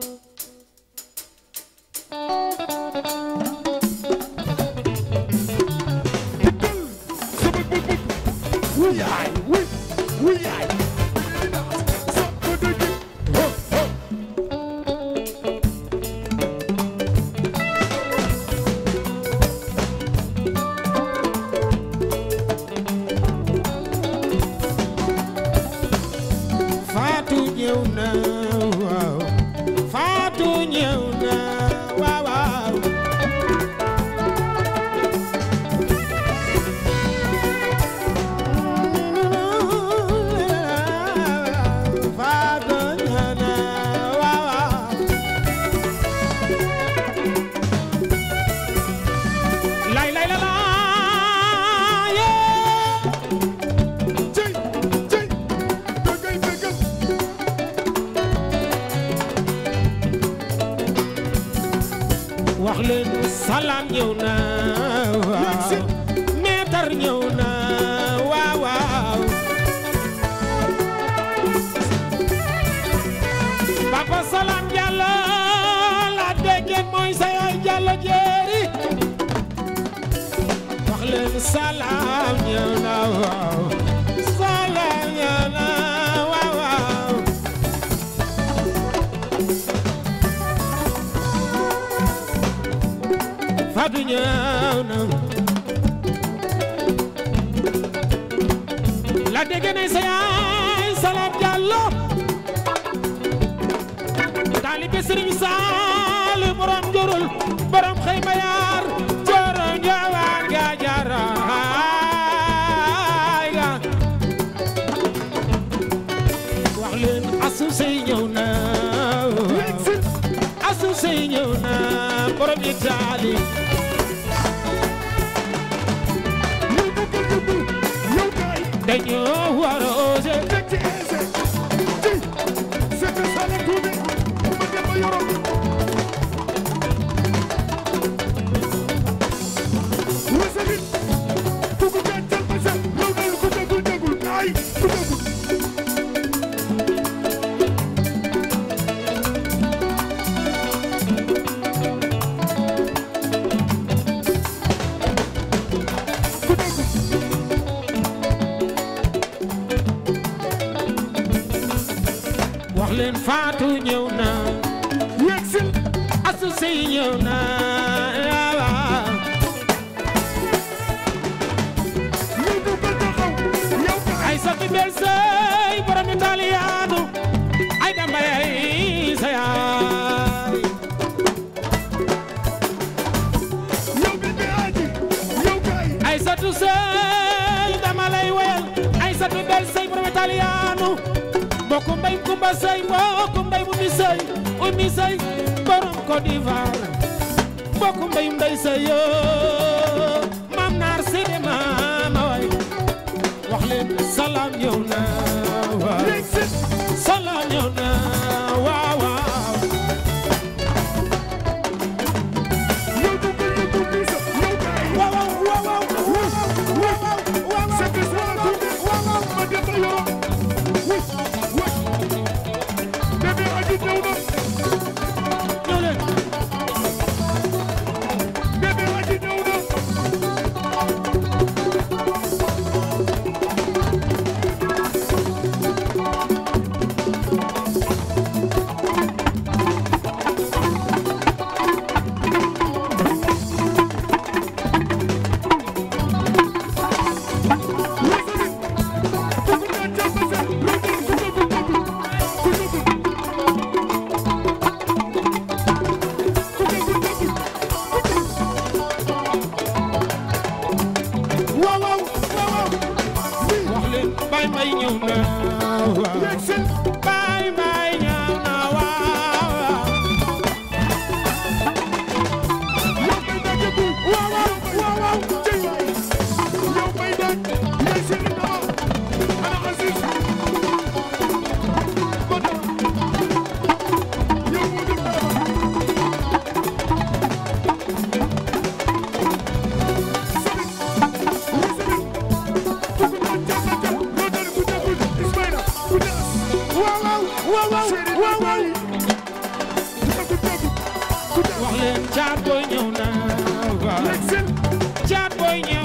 thank you xalaam ñëw na waaw meetar ñëw na waaw waaw papa salaam jàllo la déggeen mooy sa yaay jàllo jeeri wax leen salaam la dégg nay sa yaay Salam Diallo taalibe Sëriñ Saal borom njurul borom xayma yaar jooro njawaan ga jaara ga wax borom yi taali dañu war jox leen Fatou ñëw na yegsil asu sey ñëw na ay satu bel sey borom italiano ay dambay ay sayaay ay satu sey dama lay wayal ay satu bel sey borom italiano mbokku mbay kumba say mbokku mbay mu mi borom Côte d'Ivoire mbokku mbay mbay say naar sede maama way salaam yow waaw waaw waaw waaw waaw wax leen caat booy ñëw na waaw caat booy ñëw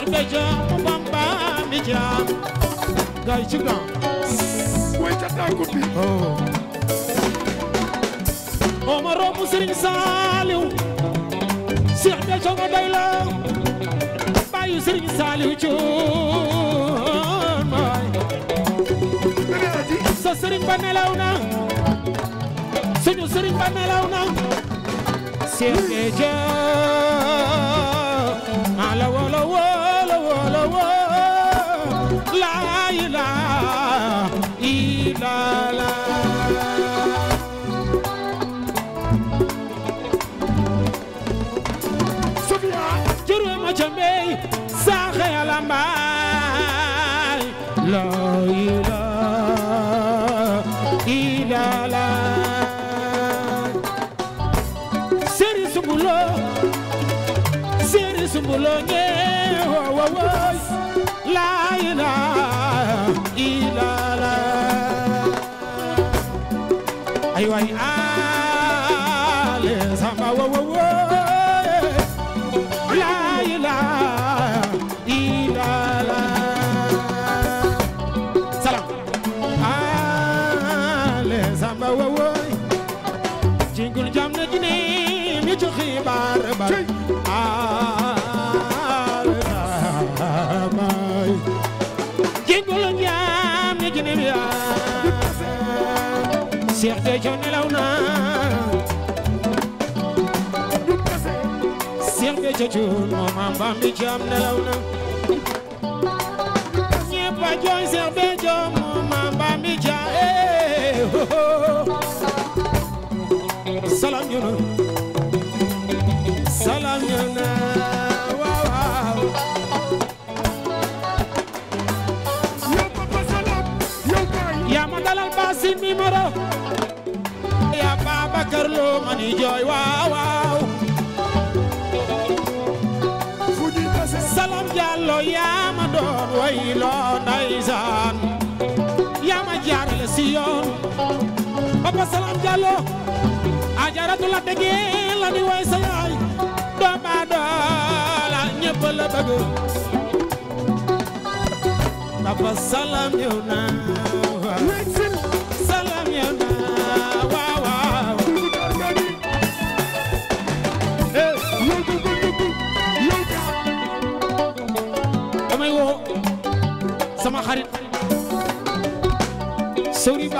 Cheikh Béthio mu Bamba mi jaam gaay ci gam way ca taa ko bi oh. Omaro mu Serigne Saliou Cheikh Béthio nga doy la baayu Serigne Saliou coon maay sa Serigne ba nelaw na suñu Serigne ba nelaw na Cheikh Béthio ca mbey saaxe a lambaay laa ilaa ilaa laay seeri sumbuloo seeri sumbuloo ñee woo woo woo laa ilaa ilaa laay ay waay woy jingul jam na jine mi joxe bar bar alamay jingul jam na jine bi Seex Béthio nelaw na Seex Béthio cuun moom am bam bi jam nelaw na ñepp a jooy Seex Béthio jàkkarloo ma ni jooy waaw waaw fu ñu tase salam jàllo yaa ma doon wayloo ndeysaan yaa ma jaarale si yoon papa salam jàllo ajaratu la tegee la ni way sa yaay dooba doola ñëpp la bëgg papa salam yow naa salam yow naa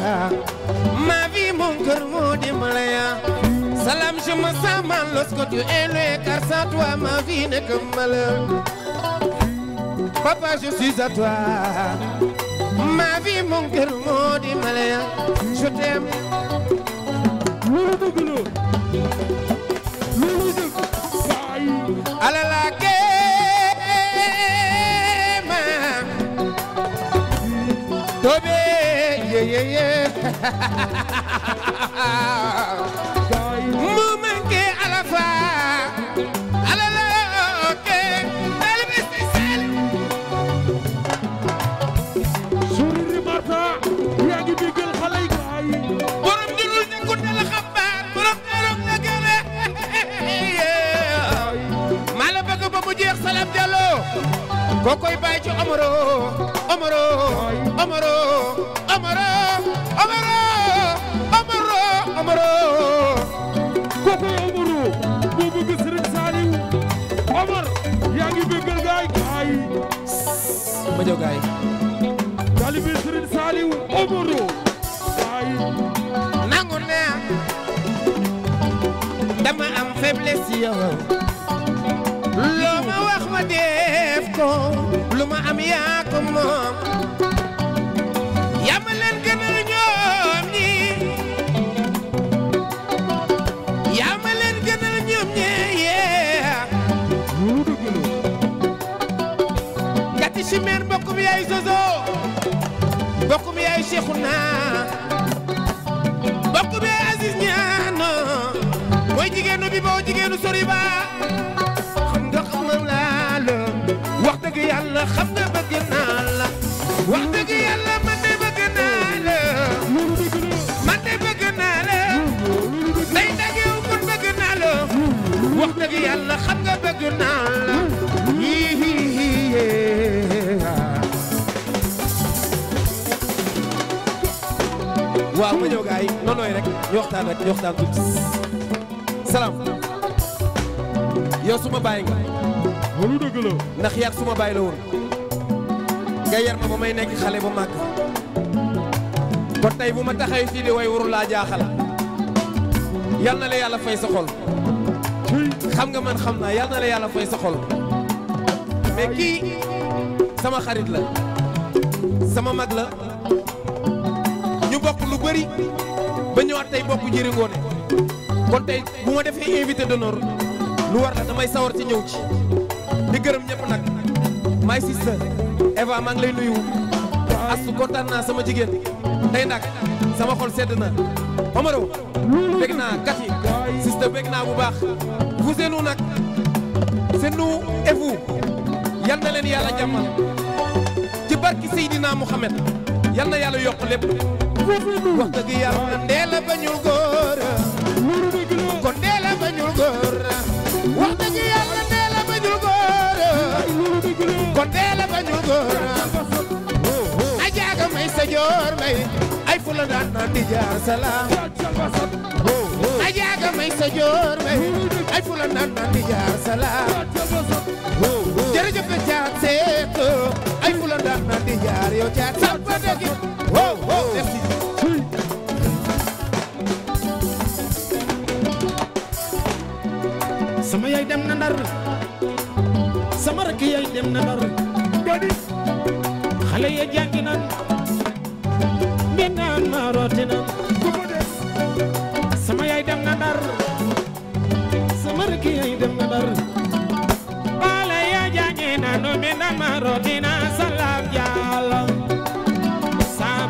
ya ma vie mon cœur mo dimbalaya salam je me sens mal lorsque tu es là car sans ma vie n'est que papa je suis à toi ma vie mon cœur mo dimbalaya je t'aime loolu dëgg la loolu dëgg yeah, yeah, yeah. Moment ke alafa, alala ke elbisi sel. Suriri mata, yaa ngi digal xale yi. Borom jurul ku dal xabaar, borom teeram ne gëre. Maa la bëgg ba mu Salam Diallo. Kookoy bàyyi ci Omaro, Omaro, Omaro. Sadio Gaye talibi loo ma wax ma def ko lu ma am yaa ko yaay Soso mbokk mi yaay Cheikhouna mbokk mi yaay Aziz Niane mooy jigéenu bi boo jigéenu sori ñu waxtaan tuuti salaam yow su bàyyi nga. loolu dëgg la. ndax yaat su ma bàyyi la woon. nga yar ma ba may nekk xale ba màgg. kon tey bu ma taxawee fii di way warul laa jaaxal. yal na la yàlla fay sa xol. xam nga man xam naa yal la yàlla fay sa xol. sama xarit la. sama mag la. ñu bokk lu bëri. ba ñëwaat tey bokk Jëri Ngoone kon tey bu ma defee invité d'honneur lu war la damay sawar ci ñëw ci di gërëm ñëpp nag my sister Eva maa ngi lay nuyu astu kontaan naa sama jigéen tey nag sama xol sedd na Omaro bég naa kat yi sister bég naa bu baax vous et nous nag c'est nous et yal na leen yàlla jàmmal ci barki Seydina Mouhamed yal na yàlla yokk lépp wax dëgg yàlla na a bañul góor a bañul góor wax dëgg yàlla na a bañul góor kon ndeel bañul góor a jaaga may sa joor ay fula daan naan di jaar salaam a jaaga may sa joor ay fula daan naan di jaar salaam jërëjëf caat seet ay fula daan naan di jaar yow caat sàmpa dëgg sama yaay dem na ndar sama rakk yaay dem na ndar gadi xale ya jàngi nan ma rooti sama yaay dem na ndar sama rakk yaay dem na ndar bala ya jàngi nan ngeen ma rooti